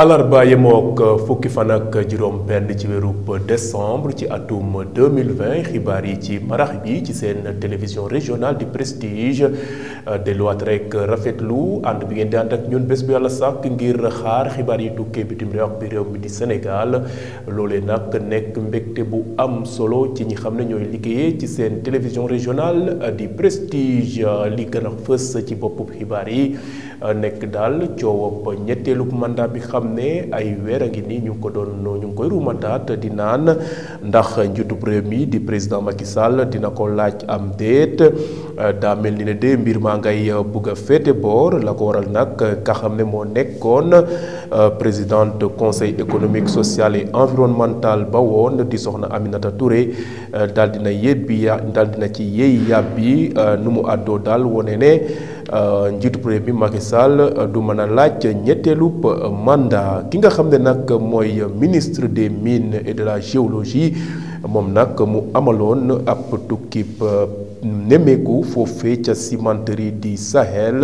alarba yemook euh, fukki fan ak juróom benn ci wérub décembre ci atum 2020 xibaar yi ci marax bi ci seen télévision régionale du prestige euh, delluwaat rek rafetlu ànd bi ngeen di ànd ak ñun bés bu yàlla sàkk ngir xaar xibaar yi tukkee bitim réew bi réew mi di Sénégal loolee nag nekk mbégte bu am solo ci ñi xam ne ñooy liggéeyee ci seen télévision régionale du prestige li gën a fës ci boppub xibaar yi nekk daal coowab ñetteelu mandat bi xam ne ay weer a ngi nii ñu ko doon ñu koy ruumataat di naan ndax njiitub réew di président Macky Sall dina ko laaj am déet daa ni ne de mbir maa ngay bugg a féete boor la ko waral nag ka xam ne moo nekkoon présidente conseil économique social et environnemental ba woon di soxna Aminata Touré daal dina yebbi daal dina ci yéey yàbbi nu mu àddoo daal wone ne Euh, njiitu réew mi Macky Sall euh, du mën a laaj ñetteelu euh, mandat ki nga xam ne nag mooy ministre des mines et de la géologie moom nag mu amaloon ab tukkib nemmeeku foofee ca cimenterie di Sahel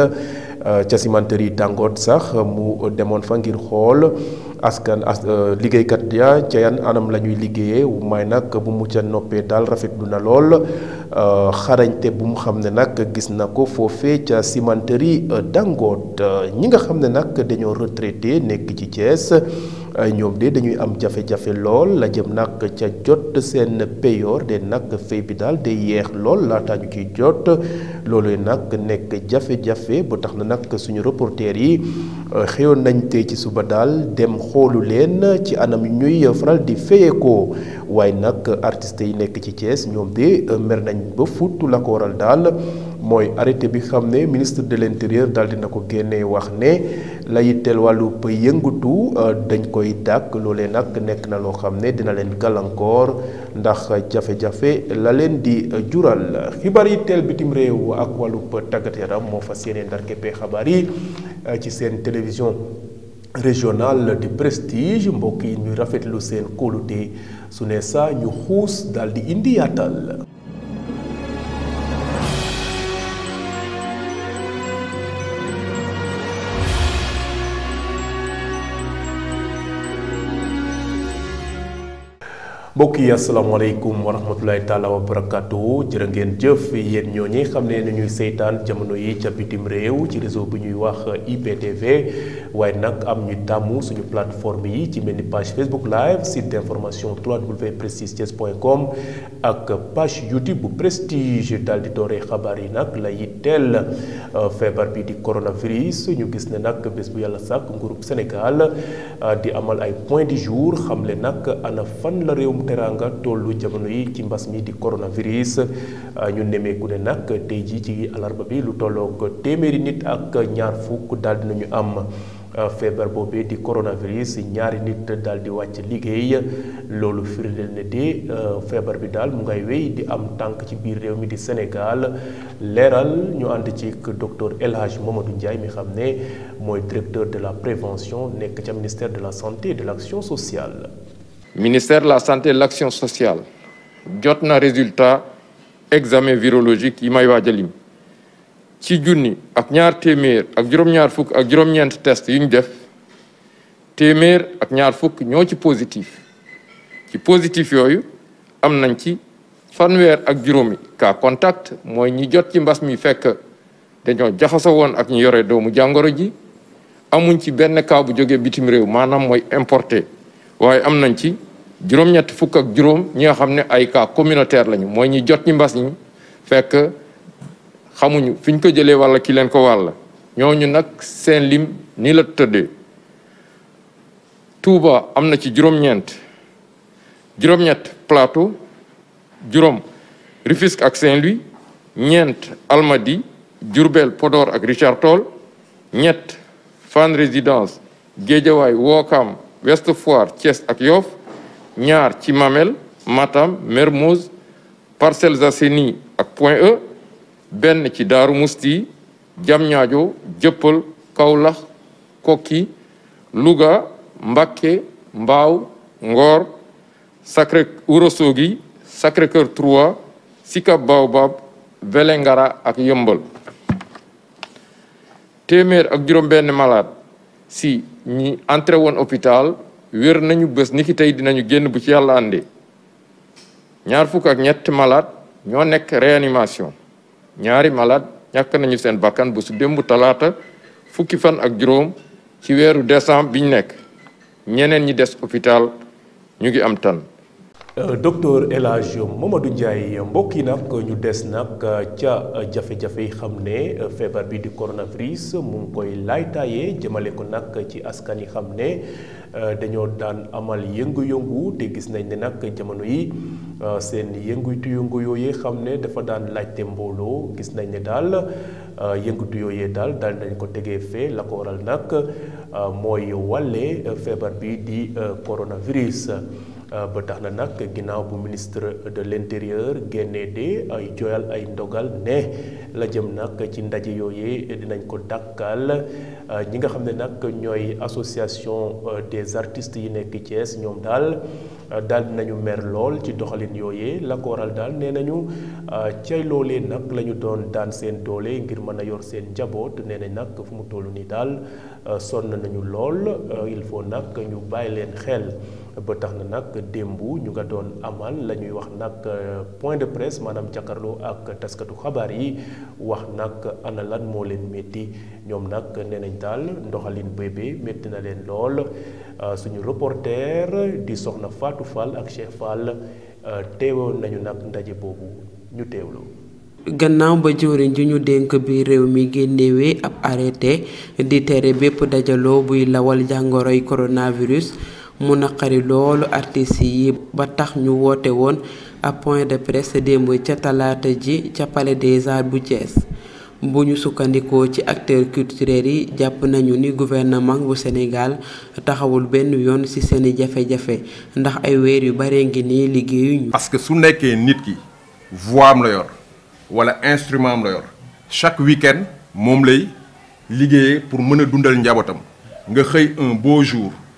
ca cimenterie Dangote sax mu demoon fa ngir xool askan as liggéeykat ya ca yan anam la ñuy liggéeyee may nag bu mu ca noppee daal rafetlu na lool. xarañte bu mu xam ne nag gis na ko foofee ca cimenterie euh, Dangote ñi nga xam ne nag dañoo retraité nekk ci Thiès euh, ñoom de dañuy am jafe-jafe lool la jëm nag ca jot seen payoor de nag fay bi daal day yeex lool laata ñu ciy jot loolu nag nekk jafe-jafe ba tax na nag suñu reporter yi euh, xëyoon nañ tey ci suba daal dem xoolu leen ci anam ñuy faral di fayee ko waaye nag artistes yi nekk ci Thiès ñoom de euh, mer nañ ba foot la ko waral daal mooy arrêté bi xam ministre de l'intérieur daal dina ko génne wax ne la yitteel wàllu yëngatu euh, dañ koy dàkk loolee nag nekk na loo xam ne dina leen gàllankoor ndax jafe-jafe la leen di euh, jural xibaar tel bitim réew ak wàllu tàggat yaram moo fas xabaar yi ci seen télévision régionale du prestige mbokk yi ñuy rafetlu seen kóolute. Sunesa Yuhus Indi Indiatal. mbokk yi asalaamaaleykum wa rahmatulahi taala wa barakatuhu jërë ngeen jëf yéen ñooñi xam ne ni ñuy seytaan jamono yi ca bitim réew ci réseau bi ñuy wax IPTV waaye nag am ñu tàmm suñu plateforme yi ci mel ni page Facebook live site d'information www.prestigethies.com ak page YouTube bu Prestige daal di dooree xabaar yi nag la yitteel euh, feebar bi di coronavirus ñu gis ne nag bés bu yàlla sàkk nguurub Sénégal euh, di amal ay point du jour xam le nag ana fan la réew Teranga tollu jamono yi ci mbass mi di coronavirus ah, ñu nemmeeku ne nak tay ji ci alarba bi lu tolloog téméri nit ak ñaar fukk daal dinañu am ah, fièvre bobé di coronavirus ñaari nit daal di wàcc liggéey loolu firndeel ne de ah, bi dal mu ngay wéy di am tank ci biir réew mi di Sénégal Léral, ñu ànd ci docteur Elhadj Mamadou Ndiaye mi xamné moy directeur de la prévention nek ci ministère de la santé et de l'action sociale ministère de la santé et de l'action sociale a un résultat examen virologique yi may a ci junni ak ñaar téeméer ak test un def positif ci positif un ci ak contact moy ñi jot ci mbass mi fekk un jaxaso won ak ñi yoré doomu jangoro ji amuñ ci benn cas bu joggé bitim rew manam un importé ci juróom-ñett fukk ak juróom ñi nga xam ne ay cas communautaire lañu mooy ñi jot ñi mbas ñi fekk xamuñu fiñ ko jëlee walla ki leen ko wàll ñooñu nag seen lim ni la tëddee Touba am na ci juróom-ñeent juróom-ñett Plateau juróom Rufisque ak Saint-Louis ñeent Almadi Diourbel podoor ak Richard tool ñett Fann Résidence Guédiawaye Ouakam Ouest Foire Thiès ak yoof ñaar ci Mamel Matam Mermoz Parcelles Assainies ak Point E benn ci Daaru Musti Diamniadio Jëppal Kaolack Kokki Louga Mbacké Mbao Ngor Sacré Ourossogui Sacré-Cœur 3 Sicap Baobab Vélingara ak Yeumbeul téeméer ak juróom benn malade si ñi entré woon hôpital wér nañu bés ni ki tey dinañu génn bu ci yàlla ànde ñaar fukk ak ñett malade ñoo nekk réanimation ñaari malade ñàkk nañu seen bakkan bu su démb talaata fukki fan ak juróom ci weeru décembre biñ nekk ñeneen ñi des hôpital ñu ngi am tan euh, docteur El Hadj Mamadou Ndiaye mbokk yi nag ñu des nag ca jafe-jafe yi xam ne feebar bi di coronavirus mu ngi koy laaytaayee jëmale ko nag ci askan yi xam ne Euh, dañoo daan amal yëngu-yëngu te gis nañ ne nag jamono yi euh, seen yëngutu yëngu yooyee xam ne dafa daan laajte mbooloo gis nañ ne daal euh, yëngutu yooyee daal daal nañ ko tegee fee la ko waral nag mooy wàlle feebar bi di coronavirus. Euh, ba tax na nag ginnaaw bu ministre de l'intérieur génne de ay jooyal ay ndogal ne la jëm nag ci ndaje yooyee dinañ ko dàkkal euh, ñi nga xam ne nag ñooy association euh, des artistes yi nekk Thiès ñoom daal daal nañu mer lool ci doxalin yooyee la ko waral daal nee nañu cay loolee nag lañu ñu doon daan seen doole ngir mën a yor seen njaboot nee nañ nag fu mu toll nii daal sonn nañu lool il faut nag ñu bàyyi leen xel. ba tax na nag démb ñu nga doon amal la ñuy wax nag euh, point de presse maanaam jàkkaarloo ak taskatu xabaar yi wax nag ana lan moo leen métti ñoom nag nee nañ daal ndoxalin bébé métti na leen lool euh, suñu reporter di soxna Fatou Fall ak Cheikh Fall euh, teewoon nañu nag ndaje boobu ñu teewloo. gannaaw ba jëwriñ ji ñu dénk bi réew mi génnewee ab arrêté di tere bépp dajaloo buy lawal jàngoroy coronavirus. mu naqari loolu artistes yi ba tax ñu woote woon ab point de presse démb ca talaata ji ca palais des arts bu Thiès bu ñu sukkandikoo ci acteurs culturels yi jàpp nañu ni gouvernement bu Sénégal taxawul benn yoon ci seeni jafe-jafe ndax ay weer yu bare ngi nii liggéeyuñu. parce que su nekkee nit ki voix am la yor wala instrument am la yor chaque week-end moom lay liggéeyee pour mën a dundal njabootam nga xëy un beau jour.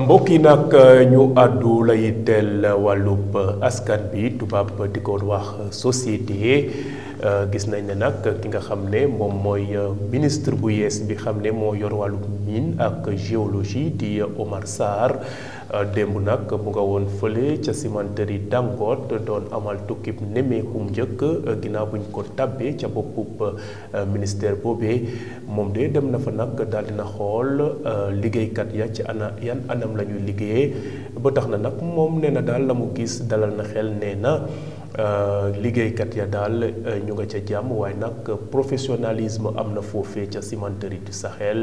mbokk yi nag ñu àddu lay teel wàllub askan bi tubaab di ko wax société euh, gis nañ ne nag ki nga xam ne moom mooy ministre bu yees bi xam ne moo yor wàllub mine ak géologie di Omar Sarr Euh, démb nag mu nga woon fële ca cimenterie Dangote doon amal tukkib nemmeekum njëkk euh, ginnaaw bu ñu ko tàbbee ca boppub euh, ministère boobee moom de dem na fa nag daal dina xool liggéeykat ya ci ana yan anam la ñuy liggéeyee ba tax na nag moom nee na daal la mu gis dalal na xel nee na liggéeykat ya daal ñu nga ca jàmm waaye nag professionnalisme am na foofee ca cimenterie du Sahel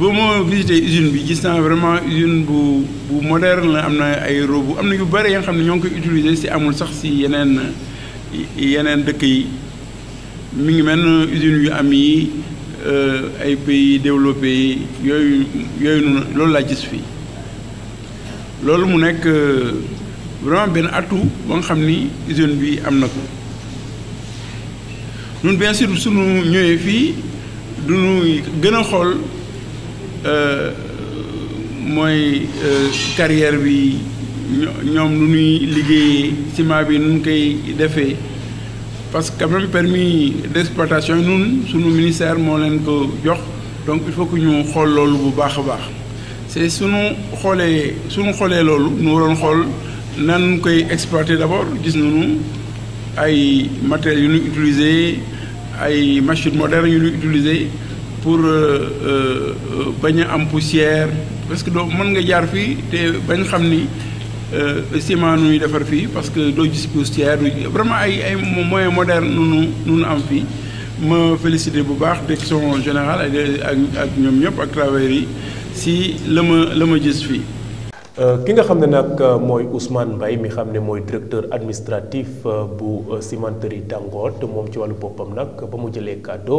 ba ma visité usine bi gis naa vraiment usine bu bu moderne la am na ay robot am na yu bëri ya nga xam ne ñoo ngi koy utiliser si amul sax si yeneen yeneen dëkk yi mi ngi mel usine yu am yi euh, ay pays développés yi yooyu yooyu noonu loolu laa gis fii loolu mu nekk vraiment benn atout ba nga xam ni usine bi am na ko ñun bien sûr suñu ñëwee fii duñu gën a xool euh, moy euh, carrière bi ñom nu ñuy nous, ciment bi parce que permis d'exploitation nous, le ministère mo donc il faut que nous xol lolu bu baax c'est nu nous, exploiter d'abord gis matériaux ay les machines modernes yu pour euh, euh, bañ a am poussière parce que do mën nga jaar fii te bañ xam ni euh, ciment nu ñuy defar fii parce que doo gis poussière vraiment ay ay moyen moderne nu nu am fii ma félicité bu baax direction générale ak ak ñoom ñëpp ak travailleurs yi si la ma la ma gis fii. Euh, ki nga xam ne nag euh, mooy Ousmane mbay mi xam ne mooy directeur administratif euh, bu cimenterie Dangote moom ci wàllu boppam nag ba mu jëlee kàddo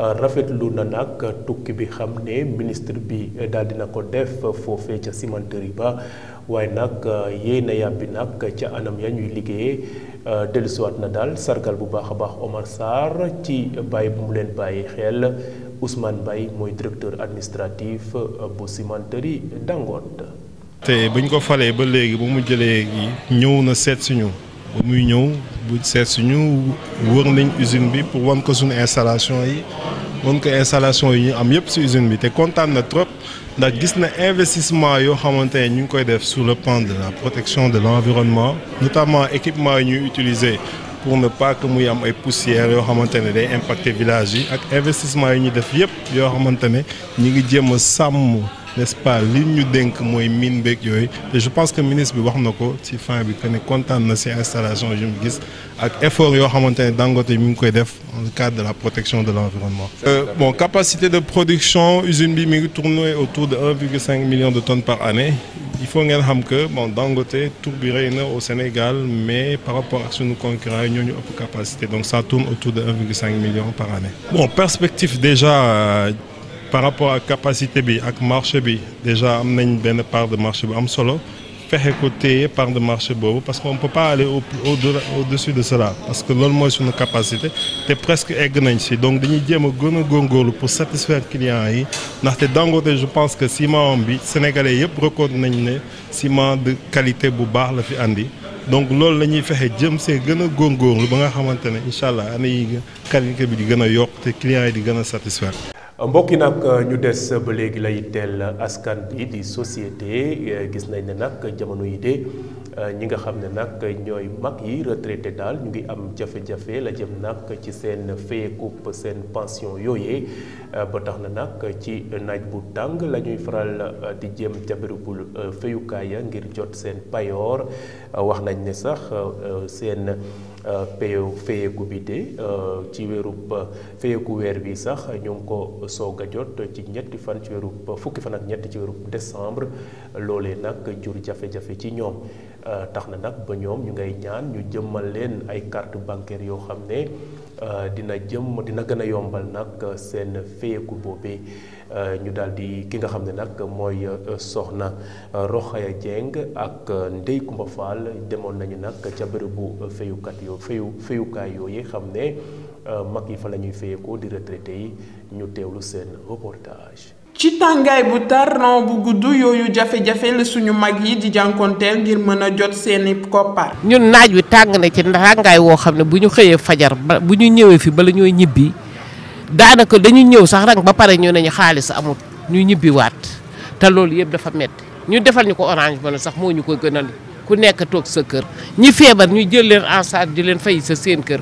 rafetlu na nag tukki bi xam ne ministre bi daal dina ko def foofe ca cimenterie ba waaye nag yéey na yàbbi nag ca anam ya ñuy liggéeyee dellusiwaat na daal sargal bu baax a baax Omar Sarr ci bàyyi bu mu leen bàyyi xel Ousmane Mbaye mooy directeur administratif bu cimenterie Dangote te buñ ko falee ba léegi ba mu jëlee ñëw na seet si ñu ba muy ñëw bu seet si ñu wër nañ usine bi pour wan ko suñu installation yi wan ko installation yi ñu am yëpp si usine bi te kontaan na trop ndax gis na investissement yoo xamante ne ñu ngi koy def sur le plan la protection de l'environnement notamment équipement yi utiliser pour ne pas que muy am ay poussières yoo xamante ne day impacter village yi ak investissement yi ñu def yëpp yoo xamante ne ñu ngi jéem a n'est-ce pas l'une ñu dénk mooy je pense que le ministre bi si ci fin bi que ne kontaan installation yu mu gis ak effort Dangote mi dans le cadre de la protection de l'environnement euh, bon capacité de production usine bi mi autour de 1,5 million de tonnes par année il faut bien xam que bon Dangote tourbiré au Sénégal mais par rapport à que nous conquérons, ñoo ñu une capacité donc ça tourne autour de 1,5 million par année bon perspective déjà euh, par rapport à capacité bi ak marché bi déjà am nañ benn part de marché bi am solo fexe ko téye part de marché bobu parce que on peut pas aller au au dessus de cela parce que lool moy suñu capacité té presque egg nañ ci donc dañuy jéem a gën pour satisfaire clients yi té Dangote je pense que ciment bi sénégalais yépp reconnu nañ né ciment de qualité bu baax la fi andi donc lool lañuy fexé fexe jëm see gën a ba nga xamante inshallah, incha allah yi qualité bi di gëna yok té client clients yi di gëna satisfaire. mbokk yi nag ñu des ba léegi lay teel askan bi di société gis nañ ne nag jamono yi de ñi nga xam ne nag ñooy mag yi retraité daal ñu ngi am jafé jafé la jëm nag ci seen fayeekup seen pension yooyee ba tax na nag ci naaj bu tàng la ñuy faral di jëm ca bérubul fayukaaya ya ngir jot sen payor, wax nañ ne sax payo euh, fayeeku bi de euh, ci weerub euh, fayeeku weer bi sax ñu ngi ko soog a jot ci ñetti fan ci weerub fukki fan ak ñett ci weerub décembre loolee nag jur jafe-jafe ci ñoom tax na nag ba ñoom ñu ngay ñaan ñu jëmmal leen ay carte bancaire yoo xam ne Euh, dina jëm dina gën a yombal nag euh, seen feyeku boobee euh, ñu daal di ki nga xam ne nag mooy soxna Rokhaya jeng ak Ndeye Coumba Fall demoon nañu nag ca bërëbu feyukat yoo feyu feyukaay yooyu xam ne mag yi fa la ñuy feyeekoo di retraité yi ñu teewlu seen reportage ci tàngaay bu tar ron bu gudd yooyu jafe-jafe la suñu mag yi di jànkonteel ngir mën a jot seeni koppar. ñun naaj wi tàng na ci tàngaay woo xam ne bu ñu xëyee fajar ba bu ñu ñëwee fi bala ñooy ñibbi daanaka dañu ñëw sax rek ba pare ñu ne ñu xaalis amut ñu ñibbi waat te loolu yëpp dafa metti ñu defal ñu ko orange ba sax moo ñu ko gënal ku nekk toog sa kër ñi feebar ñu jël leen en charge di leen fay sa seen kër.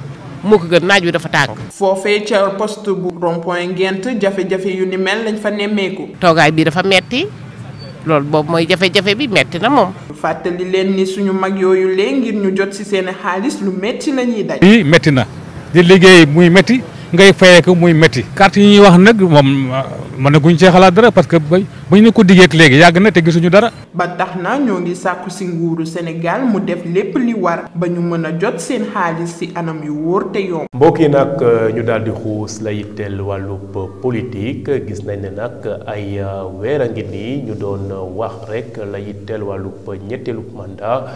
moo ko gën naaj wi dafa tàng. foofee ca post bu rond-point Ngent jafe-jafe yu ni mel lañ fa nemmeeku. toogaay bii dafa metti loolu boobu mooy jafe-jafe bi metti na moom. fàttali leen ni suñu mag yooyu lee ngir ñu jot ci seen xaalis lu metti la ñuy daj. oui metti na di liggéey muy metti ngay fayee ko muy métti carte yi ñuy wax nag moom ah, mën na guñ cee xalaat dara parce que ba bu ñu ko diggeek léegi yàgg na te gisuñu dara ba tax na ñoo ngi sàkku si nguuru senegal mu def lépp li war ba ñu mën a jot seen xaalis si anam yu wóor te yomb mbokk yi nag euh, ñu daal di xuus la yitteel wàllub politique gis nañ ne nag ay euh, weer a ngi nii ñu doon wax rek la yitteel wàllub ñetteelu mandat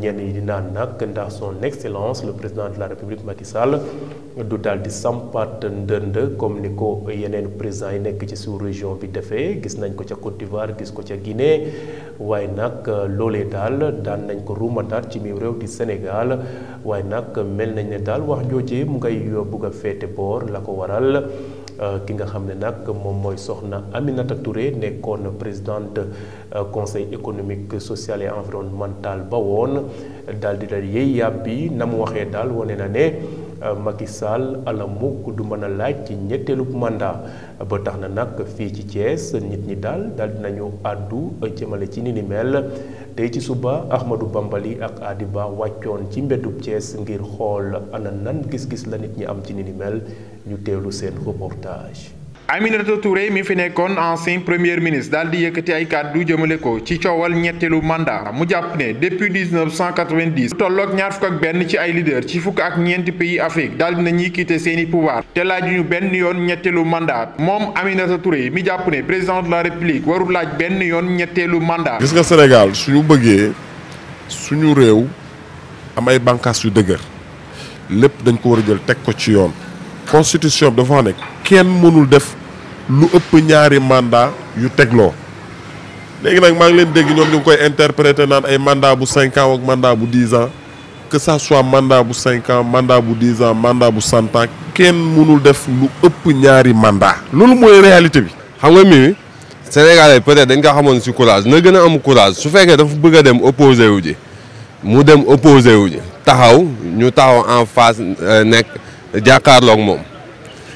ñenn yi di naan nag ndax son excellence le président de la république Macky Sall du daal di sampat ndënd comme ni ko yeneen président yi nekk ci sous région bi defee gis nañ ko ca Côte d'Ivoire gis ko ca Guinée waaye nag loolee daal daan nañ ko ruumataat ci mi réew di Sénégal waaye nag mel nañ ne daal wax joojee mu ngay bugg a féete boor la ko waral Euh, ki nga xam ne nag moom soxna Aminata Touré nekkoon présidente euh, conseil économique social et environnemental ba woon daal di dal yey yàbbi na mu waxee daal na ne euh, Macky Sall ala mukk du mën a laaj ci ñetteelu mandat ba tax na nag ci Thiès nit ñi daal ci ni mel ci suba Ahmadou Bambali ak Adiba wàccoon ci mbeddub Thiès ngir xool ana nan gis-gis la nit ñi am ci ni mel ñu teewlu seen reportage. Aminata Touré mi fi ancien premier ministre di ay kaddu jëmele ko ci mandat mu depuis 1990 ñaar ak ci leader ci fuk ak pays Afrique dal Nous pouvoir ñu yoon mandat mom Aminata Touré président de la République waru laaj mandat. gis nga Sénégal suñu bëggé suñu réew am ay yu dëgër dañ ko jël ko ci constitution bi dafa nekk kenn mënul def lu ëpp ñaari mandat yu tegloo léegi nag maa ngi leen dégg ñoom ñu ngi koy interpréter naan ay mandat bu cinq ans ak mandat bu dix ans que ça soit mandat bu cinq ans mandat bu dix ans mandat bu cent kenn mënul def lu ëpp ñaari mandat loolu mooy réalité bi xam nga mi Sénégalais peut-être dañ ko xamoon si courage na gën a am courage su fekkee dafa bëgg a dem opposé wu ji mu dem opposé wu ji taxaw ñu taxaw en face euh, nekk jàkkaarloog moom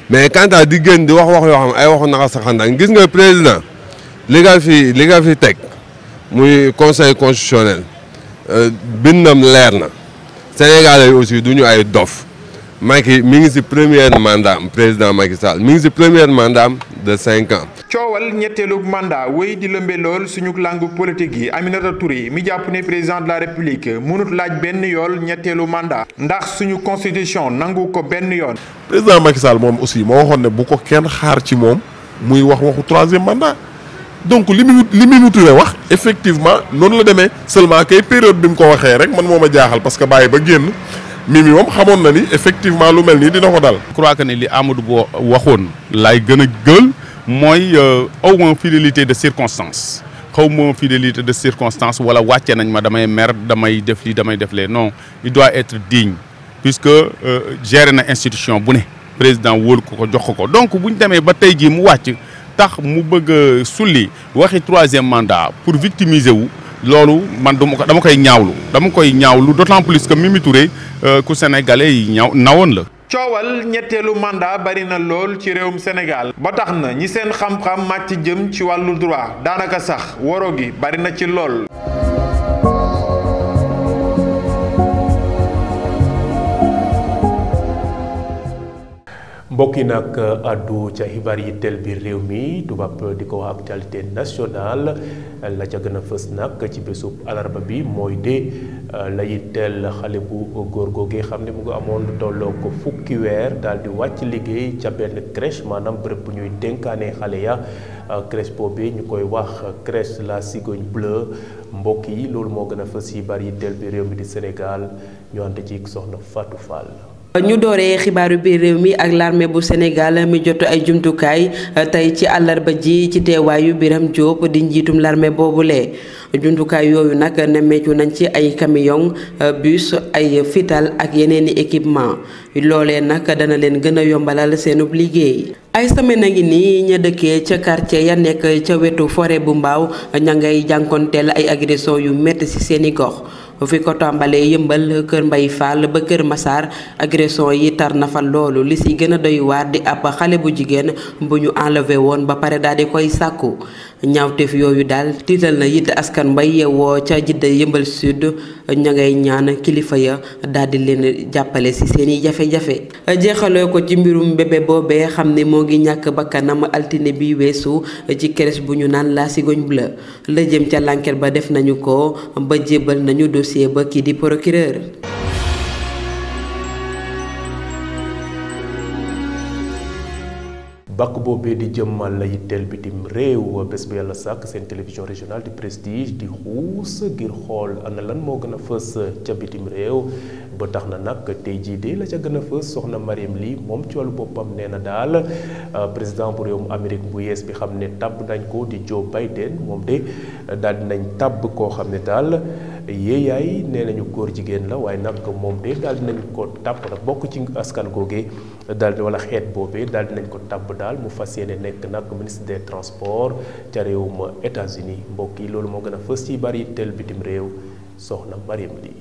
mais quant di génn di wax wax yoo xam ay naka saxandaan gis nga président li nga fi li nga fi teg muy conseil constitutionnel euh, bindam leer na Sénégalais yi aussi du ñu ay dof Macky mi ngi si premier mandat am président Macky Sall mi ngi si premier mandat am de cinq ans. coowal ñetteelu mandat wéy di lëmbe lool suñu langu politique yi Aminata Touré mi jàpp ne président de la république mënut laaj benn yoon ñetteelu mandat ndax suñu constitution nangu ko benn yoon. président Macky moom aussi moo waxoon ne bu ko kenn xaar ci moom muy wax waxu troisième mandat. donc li mu li mu Touré wax effectivement noonu la demee seulement kay période bi mu ko waxee rek man moo ma jaaxal parce que bàyyi ba génn. Mimi effectivement lu melni dina ko dal. que ni li Amadou waxone lay gëna gël moy euh, fidélité de circonstance xaw fidélité de circonstance wala waccé nañ ma damay mer damay def damay def non il doit être digne puisque euh, gérer une institution bu président ko donc buñ démé ba tay mu wacc tax mu bëgg troisième mandat pour victimiser vous? loolu man duma ko dama koy ñaawlu dama koy ñaawlu d'autant plus que Mimi Touré euh, ku sénégalais yi ñaaw nawoon la. coowal ñetteelu mandat bari na lool ci réewum Sénégal ba tax na ñi seen xam-xam màcc jëm ci wàllu droit daanaka sax woro gi bari na ci lool. mbokk yi nag euh, addu ca xibaar yi tel bi réew mi tubaab di ko wax actualité nationale la ca gën a fës nag ci bésub alarba bi mooy de euh, lay teel xale bu góor góor gi xam ne mu ngi amoon tolloo ko fukki weer daal di wàcc liggéey ca benn crèche maanaam bërëb bu ñuy dénkaane xale ya euh, crèche bi ñu koy wax crèche la cigogne bleue mbokk yi loolu moo gën a fës xibaar yi tel bi réew mi di Sénégal ñu ànd ci soxna Fatou Fall. ñu doore xibaaru biir réew mi ak l'armée bu Sénégal mi jot ay jumtukaay euh, tey ci àllarba ji ci teewaayu Biram Diop di njiitum larme boobu lee jumtukaay yooyu nag nemmeeku nañ ci ay camion euh, bus ay fital ak yeneeni équipement loole nag dana leen gën a yombalal seenub liggéey ay semaine a ngi nii ña dëkkee ca quartier ya nekk ca wetu fore bu mbaaw ña ngay jànkonteel ay agression yu métti ci seeni gox fi ko tàmbalee yëmbal kër mbay fall ba kër masaar agression yi tar na fa loolu li si gën a doy waar di ab xale bu jigéen bu ñu enlevé ba pare daal di koy sàkku ñaawteef yooyu daal tiital na it askan mbay yeewoo ca jidda yëmbal sud ña ngay ñaan kilifa ya daal di leen jàppale si seeni jafe-jafe jeexaloo ko ci mbirum bébé boobee xam ne moo ngi ñàkk bakkanam altine bi weesu ci keres bu nan naan la sigoñ bleu la jëm ca lanket ba def nañu ko ba jébal nañu dossier ba kii di procureur. bàkk boobee di jëmmal la yitteel bitim réew bés bu yàlla sàkk seen télévision régionale du prestige di xuus ngir xool ana lan moo gën a fës ca bitim réew ba tax na nag tey jii de la ca gën a fës soxna Mariam Ly moom ci wàllu boppam nee na daal euh, président bu réewum Amérique bu yees bi xam ne tàbb nañ ko di Joe Biden moom de euh, daal dinañ tabb koo xam ne daal. yéeyaay nee nañu góor jigéen la waaye nag moom de daal dinañ ko tàpp la bokk ci askan googee daal di wala xeet boobee daal dinañ ko tàbb daal mu fas yéene nekk nag ministre des transports ca réewum États-Unis mbokk yi loolu moo gën a fës ci bari tel bitim réew soxna Mariam lii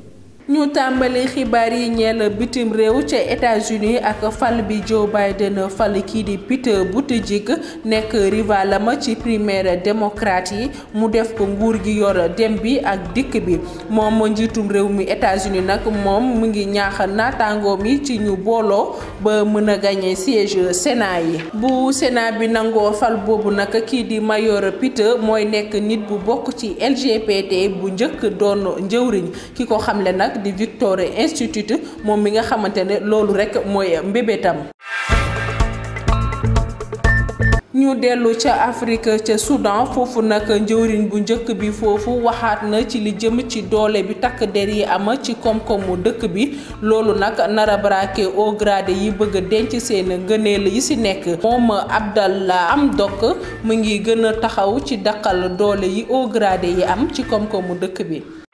ñu tàmbali xibaar yi ñeel bitim réew ca États-Unis ak fal bi Joe Biden fal kii di Pete Buttigieg nekk rivalam ci primaire démocrate yi mu def ko nguur gi yor dem bi ak dikk bi moom njiitum réew mi états nag moom mu ngi ñaax naataangoom yi ci ñu booloo ba mën a gagné siège yi. bu Sénat bi nangoo fal boobu nag kii di mayor Pete mooy nekk nit bu bokk ci LGBT bu njëkk doon njëwriñ ki ko xamle nag. nag di Victoria Institute moom mi nga xamante ne loolu rekk mooy mbébétam ñu dellu ca Afrique ca Soudan foofu nag njëwriñ bu njëkk bi foofu waxaat na ci li jëm ci doole bi takk der yi am ci koom-koomu dëkk bi loolu nag nara braqué au yi bëgg a denc seen ngëneel yi ci nekk moom Abdallah Hamdok mu ngi gën a taxaw ci daqal doole yi au yi am ci koom-koomu dëkk bi.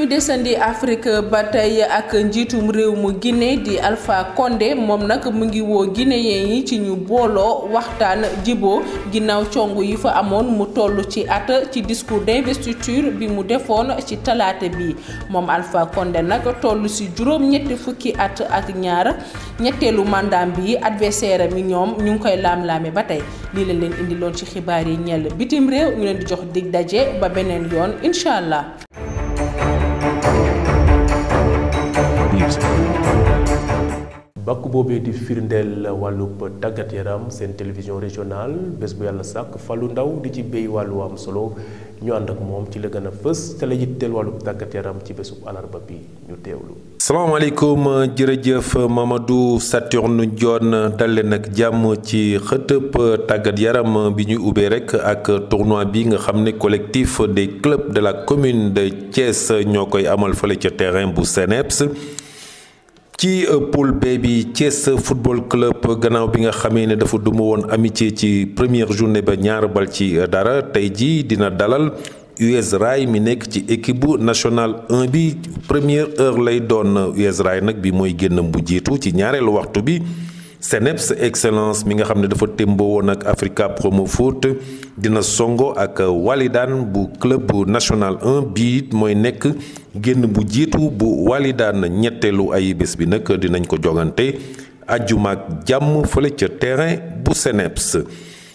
ñu desandi Afrique ba tey ak njiitum réew mu Guinée di Alpha Condé moom nag mu ngi woo guinéen yi ci ñu booloo waxtaan jibo ginnaaw cong yi fa amoon mu toll ci at ci discours d'investiture bi mu defoon ci talaata bi moom Alpha Condé nag toll si juróom-ñetti fukki at ak ñaar ñetteelu mandaam bi adversaire mi ñoom ñu ngi koy laam-laame ba tey lii la leen loon ci xibaar yi ñel bitim réew ñu leen di jox digg daje ba beneen yoon incha allah. bàkk bobé di firndel wàllub tagat yaram sen télévision régionale bés bu yàlla sàkk Fallou Ndaw di ci béy walu am solo ñu and ak mom ci la gëna fess té la yitteel wàllub tagat yaram ci bésub alarba bi ñu salam salaamaaleykum jërëjëf Mamadou Saturne Dione dal nak jamm ci xëtëb tagat yaram bi ñu ubbee rek ak tournoi bi nga xamné collectif des clubs de la commune de Thiès ñokoy amal fële ci terrain bu Seneps ci euh, poule B bi Thiès football club gannaaw bi nga xamee ne dafa duma woon amitié ci première journée ba ñaar bal ci euh, dara tey jii dina dalal US Rail mi nekk ci équipe bu nationale un bi première heure lay doon US euh, Rail nag bi mooy génn bu jiitu ci ñaareelu waxtu bi. CNEPS excellence mi nga xam ne dafa témboo woon ak Africa Promo Foot dina songo ak Walidaan bu club national 1 biit mooy nekk génn bu jiitu bu Walidaan ñetteelu ay bés bi nag dinañ ko jogante àjjuma ak jàmm fële ca terrain bu CNEPS.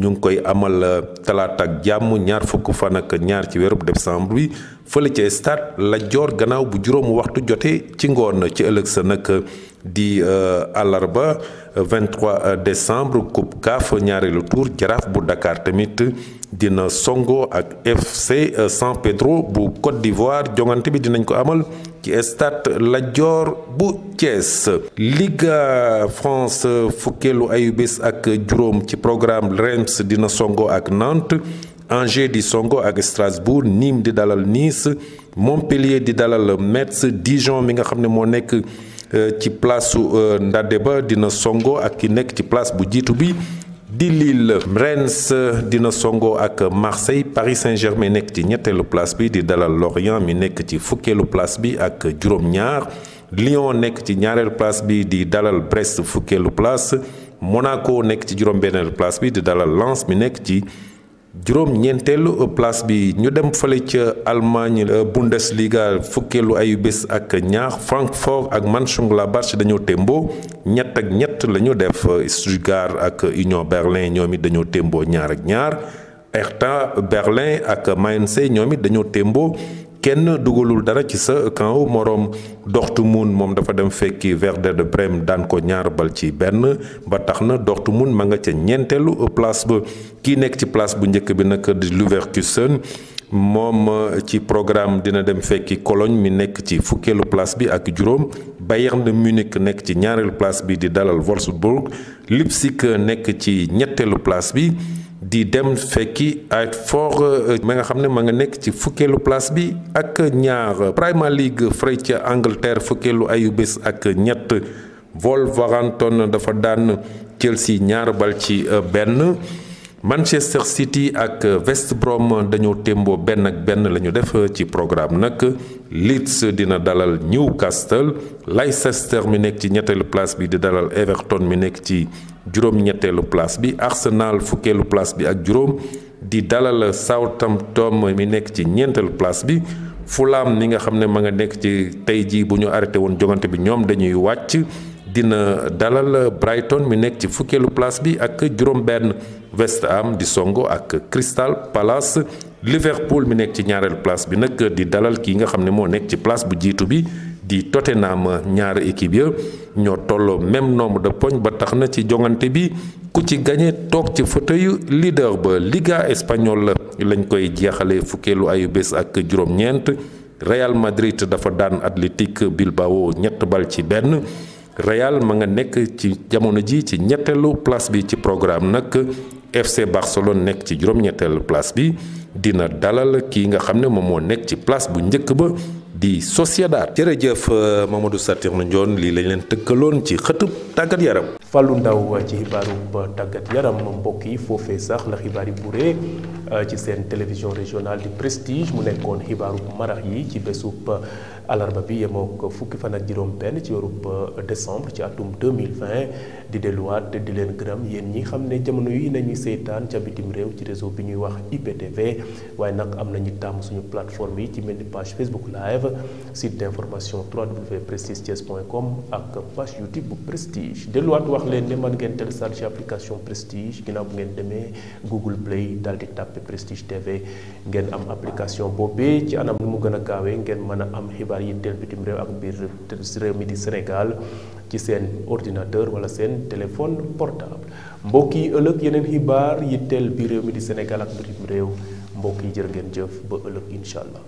ñu ngi koy amal euh, talaata ak jàmm ñaar fukk fan ak ñaar ci weerub decembre bi fële ca stade Lat gannaaw bu juróomu waxtu jotee ci ngoon ci ëllëg sa nag di euh, àllarba 23 euh, décembre coupe CAF ñaareelu tour jaraaf bu Dakar tamit dina songo ak FC San Pedro bu Côte d'Ivoire jongante bi dinañ ko amal. ci stade Lat bu Thiès Ligue France fukkeelu ayubés ak juróom ci programme Reims dina songo ak Nantes Angers di songo ak Strasbourg Nîmes di dalal Nice Montpellier di dalal Metz Dijon mi nga xam ne moo nekk euh, ci place su euh, Ndade ba dina songo ak ki nekk ci place bu jiitu bi di Lille Rennes dina songo ak Marseille Paris Saint-Germain nekti ci le place bi di dalal Lorient mi nekk ci fukkeelu place bi ak juróom-ñaar Lyon nekk ci ñaareelu place bi di dalal Brest le place Monaco nekk ci juróom-benneelu place bi di dalal Lens mi ci. juróom-ñeenteelu place bi ñu dem fale ca Allemagne euh, Bundesliga fukkeelu ayu bés ak ñaar Francfort ak la Mönchengladbach dañoo témboo ñett ak ñett la ñu def euh, Stuttgart ak Union Berlin ñoom it dañoo témboo ñaar ak ñaar Hertha Berlin ak Mainz ñoom it dañoo témboo kenn dugalul dara ci sa kaw moroom doxtu mun moom dafa dem fekki Werder de Brême daan ko ñaar bal ci benn ba tax na doxtu mun ma nga ca ñeenteelu place ba kii nekk ci place bu njëkk bi nag di Leverkusen moom ci programme dina dem fekki koloñ mi nekk ci fukkeelu place bi ak juróom Bayern de Munich nekk ci ñaareelu place bi di dalal Wolfsburg Leipzig nekk ci ñetteelu place bi di dem fekki ay for euh, ma nga xam ne ma nga nekk ci fukkeelu place bi ak ñaar Premier League fray ca Angleterre fukkeelu ayubés ak ñett Wolverhampton dafa daan Chelsea ñaar bal ci euh, benn Manchester City ak West Brom dañoo témboo benn ak benn lañu def euh, ci programme nag Leeds dina dalal Newcastle Leicester mi nekk ci ñetteelu place bi di dalal Everton mi nekk ci juróom-ñetteelu place bi Arsenal fukkeelu place bi ak juróom di dalal Southampton mi nekk ci ñeenteelu place bi fulaam ni nga xam ne ma nga nekk ci tey jii bu ñu arrêté woon jogante bi ñoom dañuy wàcc dina dalal Brighton mi nekk ci fukkeelu place bi ak juróom-benn West Ham di songo ak Crystal Palace Liverpool mi nekk ci ñaareelu place bi nag di dalal kii nga xam ne moo nekk ci place bu jiitu bi. di Tottenham ñaari équipe ya ñoo tolloo même nombre de points ba tax na ci jongante bi ku ci gagné toog ci fauteuil leader ba Liga espagnole lañ koy jeexale fukkeelu ayu bés ak juróom-ñeent Real Madrid dafa daan Athletic Bilbao ñett bal ci benn Real ma nga nekk ci jamono ji ci ñetteelu place bi ci programme nag FC Barcelone nekk ci juróom-ñetteelu place bi dina dalal ki nga xam ne moom moo nekk ci place bu njëkk ba di Sociedad jërëjëf euh, Mamadou Satirou Ndione lii lañ leen tëkkaloon ci xëtub tàggat yaram. Fallou Ndaw ci xibaarub tàggat yaram mbokk yi foofee sax la xibaar yi buree euh, ci seen télévision régionale di prestige mu nekkoon xibaarub marax yi ci bésu alarba euh, bi yemoo ko fukki fan ak juróom benn ci yorub décembre ci atum 2020 di delluwaat te di leen gërëm yéen ñi xam ne jamono yi nañuy seetaan ca bitim réew ci réseau bi ñuy wax IPTV waaye nag am nañu tàmm suñu plateforme yi ci mel ni page Facebook live site d'information www.prestigethies.com ak page YouTube bu Prestige delluwaat wax leen ne man ngeen télécharger application Prestige ginnaaw bu ngeen demee Google Play daal di tàppe Prestige TV ngeen am application boobee ci anam nu mu gën a gaawee ngeen mën a am xibaar yi teel bitim réew ak réew mi di Sénégal ci seen ordinateur wala seen téléphone portable mbokk yi ëllëg yeneen xibaar yi teel bi réew mi di Sénégal ak bitim réew mbokk yi jërë ngeen jëf ba ëllëg incha allah.